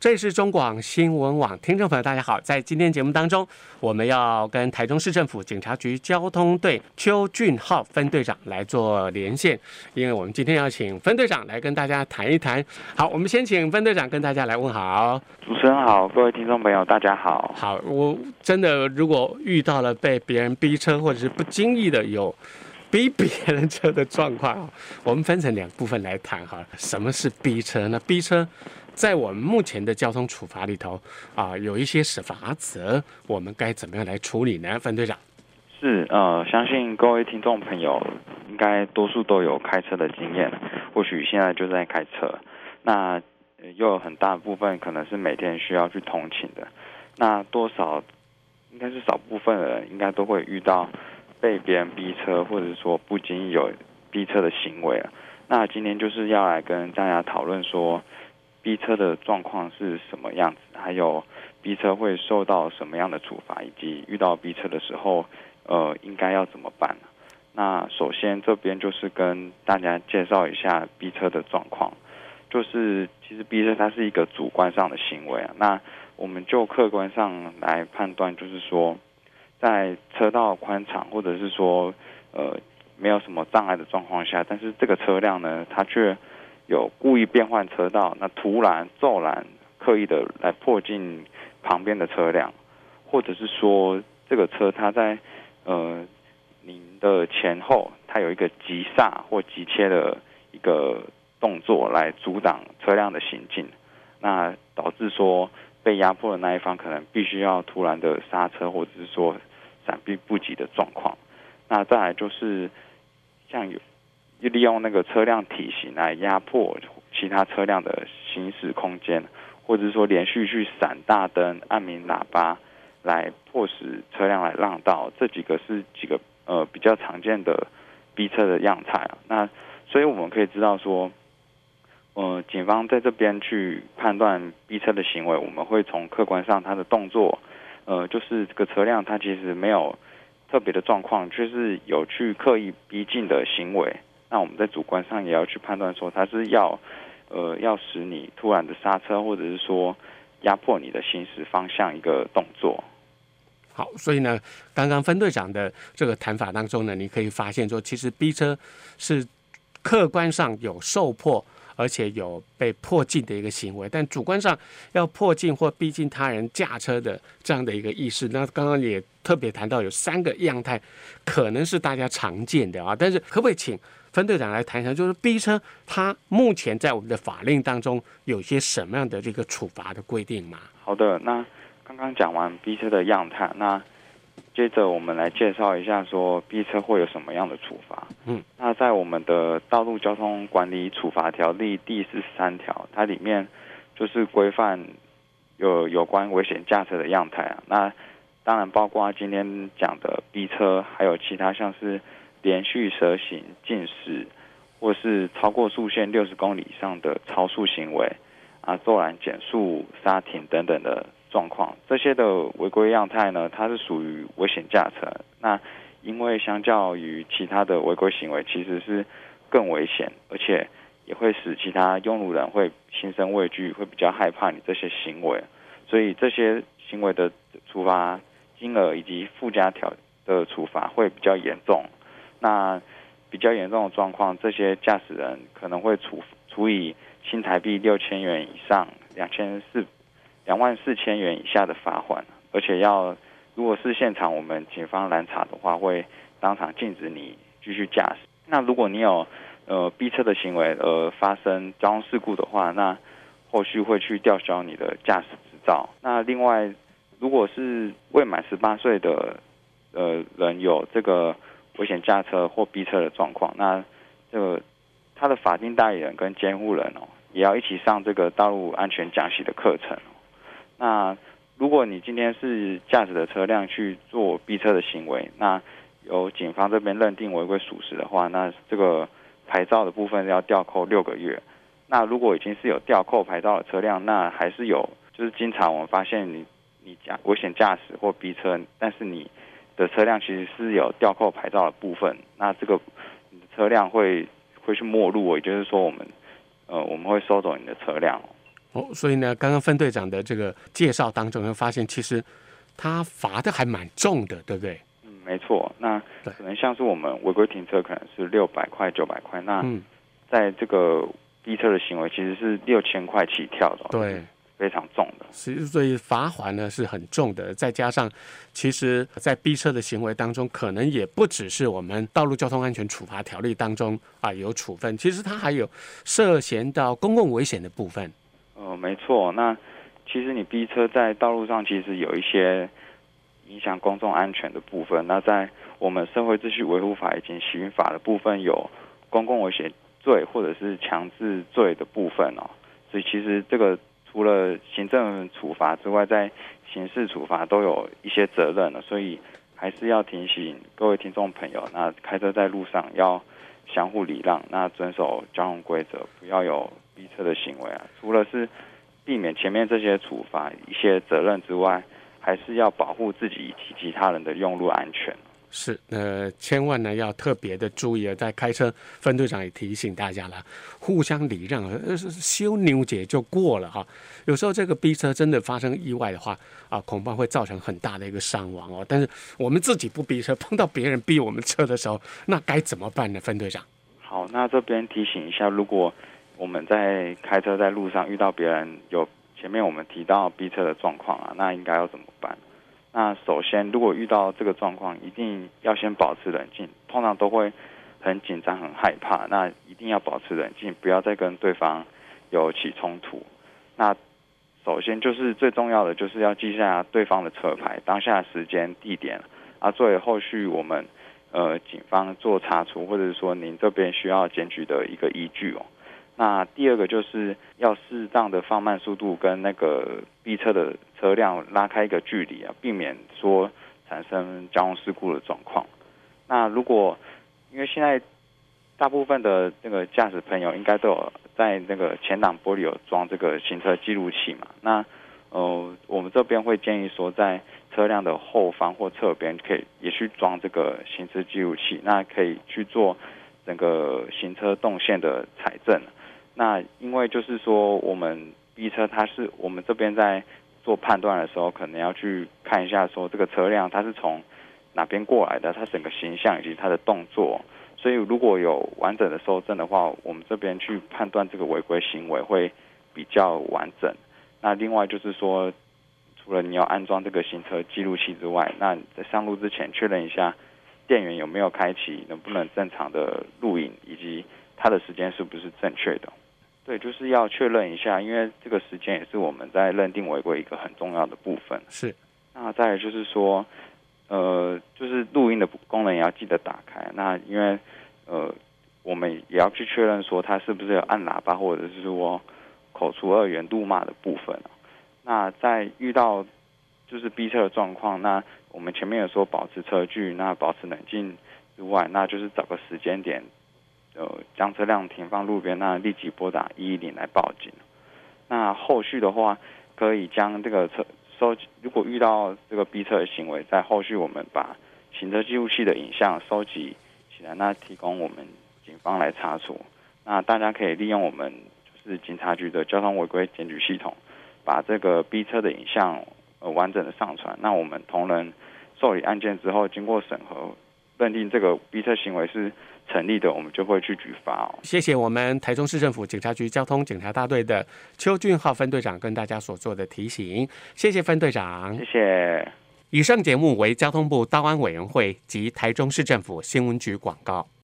這裡是中廣新聞網聽眾朋友，大家好。在今天節目當中，我們要跟台中市政府警察局交通隊邱俊浩分隊長來做連線，因為我們今天要請分隊長來跟大家談一談。好，我們先請分隊長跟大家來問好。主持人好，各位聽眾朋友大家好。好，我真的如果遇到了被別人逼車，或者是不經意的有。逼別人車的狀況，我們分成兩部分來談哈，什麼是逼車呢？逼車，在我們目前的交通處罰裡頭啊、呃，有一些是罰則，我們該怎麼樣來處理呢？分隊長，是呃，相信各位聽眾朋友應該多數都有開車的經驗，或許現在就在開車，那、呃、又有很大部分可能是每天需要去通勤的，那多少應該是少部分的人應該都會遇到被別人逼車，或者說不經意有逼車的行為了。那今天就是要來跟大家討論說，逼車的狀況是什麼樣子，還有逼車會受到什麼樣的處罰，以及遇到逼車的時候，呃，應該要怎麼辦？那首先這邊就是跟大家介紹一下逼車的狀況，就是其實逼車它是一個主觀上的行為啊。那我們就客觀上來判斷，就是說。在車道寬敞，或者是說，呃，沒有什麼障礙的狀況下，但是這個車輛呢，它卻有故意變換車道，那突然、驟然、刻意的來迫近旁邊的車輛，或者是說，這個車它在呃您的前後，它有一個急剎或急切的一個動作來阻擋車輛的行進，那導致說被壓迫的那一方可能必須要突然的剎車，或者是說。閃避不及的狀況，那再來就是像有，利用那個車輛體型來壓迫其他車輛的行駛空間，或者說連續去閃大燈、按鳴喇叭來迫使車輛來讓道，這幾個是幾個呃比較常見的逼車的樣態啊。那所以我們可以知道說，呃，警方在這邊去判斷逼車的行為，我們會從客觀上他的動作。呃，就是這個車輛，它其實沒有特別的狀況，卻、就是有去刻意逼近的行為。那我們在主觀上也要去判斷說，它是要呃要使你突然的剎車，或者是說壓迫你的行駛方向一個動作。好，所以呢，剛剛分隊長的這個談法當中呢，你可以發現說，其實逼車是客觀上有受迫。而且有被迫近的一個行為，但主觀上要迫近或逼近他人駕車的這樣的一個意識，那剛剛也特別談到有三個樣態，可能是大家常見的啊。但是，可不可以請分隊長來談一下，就是逼車，它目前在我們的法令當中有些什麼樣的這個處罰的規定嗎？好的，那剛剛講完逼車的樣態，那。接着我們來介紹一下，說逼車會有什麼樣的處罰？嗯，那在我們的《道路交通管理處罰條例》第四十三條，它裡面就是規範有有關危險駕車的樣態啊。那當然包括今天講的逼車，還有其他像是連續蛇行、競駛，或是超過速限六十公里以上的超速行為，啊，驟然減速、剎停等等的。狀況這些的違規樣態呢，它是屬於危險駕車。那因為相較於其他的違規行為，其實是更危險，而且也會使其他用路人會心生畏懼，會比較害怕你這些行為。所以這些行為的處罰金額以及附加條的處罰會比較嚴重。那比較嚴重的狀況，這些駕駛人可能會處處以新台幣六千元以上兩千四兩萬四千元以下的罰款，而且要，如果是現場我們警方攔查的話，會當場禁止你繼續駕駛。那如果你有呃逼車的行為，呃發生交通事故的話，那後續會去吊銷你的駕駛執照。那另外，如果是未滿十八歲的呃人有這個危險駕車或逼車的狀況，那這個他的法定代理人跟監護人哦，也要一起上這個道路安全講習的課程。那如果你今天是駕駛的車輛去做逼車的行為，那由警方這邊認定違規屬實的話，那這個牌照的部分要吊扣六個月。那如果已經是有吊扣牌照的車輛，那還是有，就是經常我們發現你你駕危險駕駛或逼車，但是你的車輛其實是有吊扣牌照的部分，那這個車輛會會去沒入，也就是說我們呃我們會收走你的車輛。哦，所以呢，剛剛分隊長的這個介紹當中，會發現其實他罰的還蠻重的，對不對？嗯，沒錯。那對可能像是我們違規停車，可能是六百塊、九百塊。那在這個逼車的行為，其實是六千塊起跳的，對，對非常重的。其實所以罰款呢是很重的，再加上其實，在逼車的行為當中，可能也不只是我們《道路交通安全處罰條例》當中啊有處分，其實它還有涉嫌到公共危險的部分。哦，沒錯。那其實你逼車在道路上，其實有一些影響公眾安全的部分。那在我們社會秩序維護法以及刑法的部分，有公共危險罪或者是強制罪的部分哦。所以其實這個除了行政處罰之外，在刑事處罰都有一些責任了。所以還是要提醒各位聽眾朋友，那開車在路上要相互禮讓，那遵守交通規則，不要有。逼車的行為啊，除了是避免前面這些處罰一些責任之外，還是要保護自己以及其他人的用路安全。是，那、呃、千萬呢要特別的注意啊，在開車，分隊長也提醒大家了，互相禮讓、呃，修牛節就過了哈、啊。有時候這個逼車真的發生意外的話啊，恐怕會造成很大的一個傷亡哦。但是我們自己不逼車，碰到別人逼我們車的時候，那該怎麼辦呢？分隊長，好，那這邊提醒一下，如果。我們在開車在路上遇到別人有前面我們提到逼車的狀況啊，那應該要怎麼辦？那首先，如果遇到這個狀況，一定要先保持冷靜，通常都會很緊張、很害怕。那一定要保持冷靜，不要再跟對方有起衝突。那首先就是最重要的，就是要記下對方的車牌、當下的時間、地點，啊，作為後續我們呃警方做查處，或者是說您這邊需要檢舉的一個依據哦。那第二個就是要適當的放慢速度，跟那個逼車的車輛拉開一個距離啊，避免說產生交通事故的狀況。那如果因為現在大部分的那個駕駛朋友應該都有在那個前擋玻璃有裝這個行車記錄器嘛，那呃，我們這邊會建議說，在車輛的後方或側邊可以也去裝這個行車記錄器，那可以去做整個行車動線的採證。那因為就是說，我們 B 車它是我們這邊在做判斷的時候，可能要去看一下說這個車輛它是從哪邊過來的，它整個形象，以及它的動作。所以如果有完整的收證的話，我們這邊去判斷這個違規行為會比較完整。那另外就是說，除了你要安裝這個行車記錄器之外，那在上路之前確認一下電源有沒有開啟，能不能正常的錄影，以及它的時間是不是正確的。對，就是要確認一下，因為這個時間也是我們在認定違規一個很重要的部分。是，那再來就是說，呃，就是錄音的功能也要記得打開。那因為，呃，我們也要去確認說他是不是有按喇叭，或者是說口出惡言、怒罵的部分。那在遇到就是逼車的狀況，那我們前面有說保持車距，那保持冷靜之外，那就是找個時間點。呃，將車輛停放路邊，那立即撥打110來報警。那後續的話，可以將這個車收集。如果遇到這個逼車的行為，在後續我們把行車記錄器的影像收集起來，那來提供我們警方來查處。那大家可以利用我們就是警察局的交通違規檢舉系統，把這個逼車的影像呃完整的上傳。那我們同仁受理案件之後，經過審核。認定這個逼車行為是成立的，我們就會去舉發哦。謝謝我們台中市政府警察局交通警察大隊的邱俊浩分隊長跟大家所做的提醒，謝謝分隊長。謝謝。以上節目為交通部道安委員會及台中市政府新聞局廣告。